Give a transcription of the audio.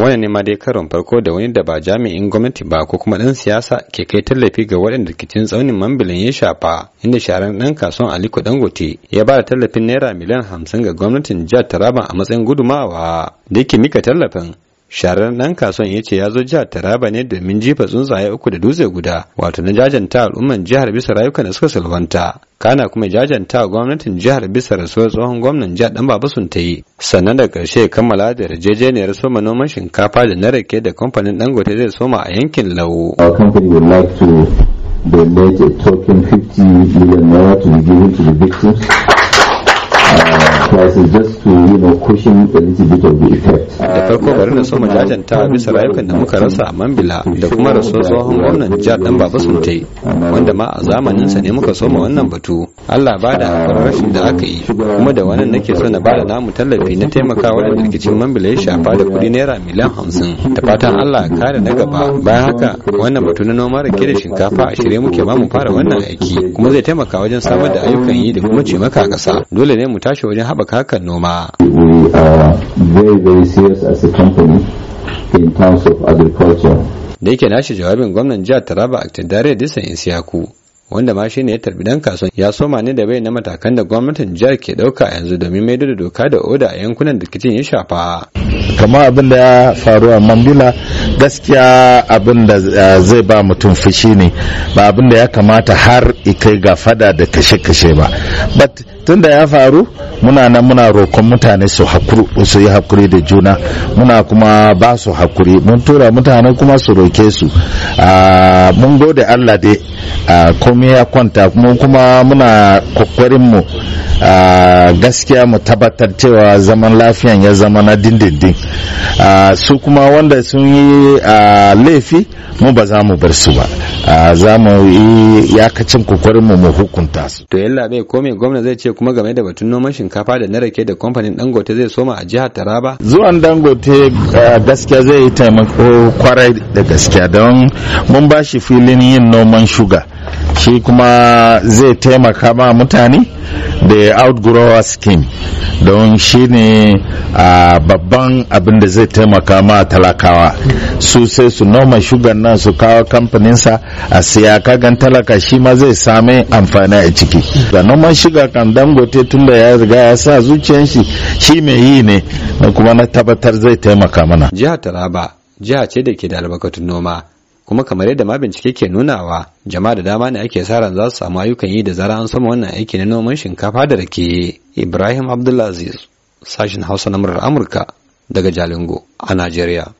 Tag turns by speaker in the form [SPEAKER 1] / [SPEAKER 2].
[SPEAKER 1] wannan ne ma dai karon farko da wani da ba jami'in gwamnati ba ko kuma ɗan siyasa ke kai tallafi ga waɗanda rikicin tsaunin mambilin ya shafa inda sharan ɗan kasuwan aliko dangote ya ba da tallafin naira miliyan hamsin ga gwamnatin jihar taraba a matsayin gudumawa da yake mika tallafin sharar ɗan kasuwan ya ce ya zo jihar taraba ne domin jifa tsuntsaye uku da dutse guda wato na jajanta al'umman jihar bisa rayukan da suka salwanta kana kuma jajanta gwamnatin jihar bisa rasuwar tsohon gwamnan jihar dan baba sun ta yi sannan da karshe kammala da yarjejeniyar soma noman shinkafa da na rake da kamfanin dangote zai soma a yankin lawo.
[SPEAKER 2] donate a token 50 million naira to be given to the victims Da
[SPEAKER 1] farko bari na so mu jajanta bisa rayukan da muka rasa a Mambila da kuma rasu tsohon gwamnan jihar dan Baba Sunte wanda ma a zamanin sa ne muka soma wannan batu. Allah ba da rashin da aka yi kuma da wannan nake so na ba da namu tallafi na taimakawa wajen rikicin mambilai ya shafa da kuɗi naira miliyan hamsin. Da fatan Allah kare na gaba bayan haka wannan batu na noma rake da shinkafa a shirye muke ba mu fara wannan aiki kuma zai taimaka wajen samar da ayyukan yi da kuma cimaka kasa Dole ne mu tashi wajen haɓaka hakan noma. Da yake nashi jawabin gwamnan jihar Taraba Aktadare Disan Isiyaku wanda ma ne ya tarbi dan kasuwan ya soma ne da bai na matakan da gwamnatin jihar ke dauka yanzu domin maido da doka da oda a yankunan da rikicin ya shafa.
[SPEAKER 2] kamar abin da ya faru a mambila gaskiya abin da eh, zai ba mutum fushi ne ba abin da ya kamata har ikai ga fada da kashe-kashe ba but tunda ya faru muna nan muna rokon mutane su hakuri su yi hakuri da juna muna kuma ba su hakuri mun tura mutane kuma su roke su ah, mun gode Allah dai komai ya kwanta kuma muna kokarin mu gaskiya mu tabbatar cewa zaman lafiyan ya zama na dindindin su kuma wanda sun yi laifi mu ba za mu bar su ba za mu yi yakacin kokarin mu mu hukunta su
[SPEAKER 1] to yalla bai komai gwamna zai ce kuma game da batun noman shinkafa da na rake da kamfanin dangote zai soma a jihar taraba
[SPEAKER 2] zuwan dangote gaskiya zai yi taimako kwarai da gaskiya don mun bashi filin yin noman shuga shuga shi kuma zai taimaka ma mutane da outgrower scheme don shi ne babban abin da zai taimaka ma talakawa su sai su noma shugan nan su kawo kamfaninsa a siya kagan talaka shi ma zai same amfani a ciki da noman shuga kan dangote tun da ya riga ya sa zuciyar shi shi mai yi ne kuma na tabbatar zai taimaka mana jihar taraba
[SPEAKER 1] jiha ce da ke da albarkatun noma kuma kamar yadda ma bincike ke nunawa jama'a da dama ne ake sa ran za su samu ayyukan yi da zara an sama wannan aiki na noman shinkafa da rake
[SPEAKER 2] Ibrahim Abdulaziz sashin Hausa na murar Amurka daga Jalingo a Najeriya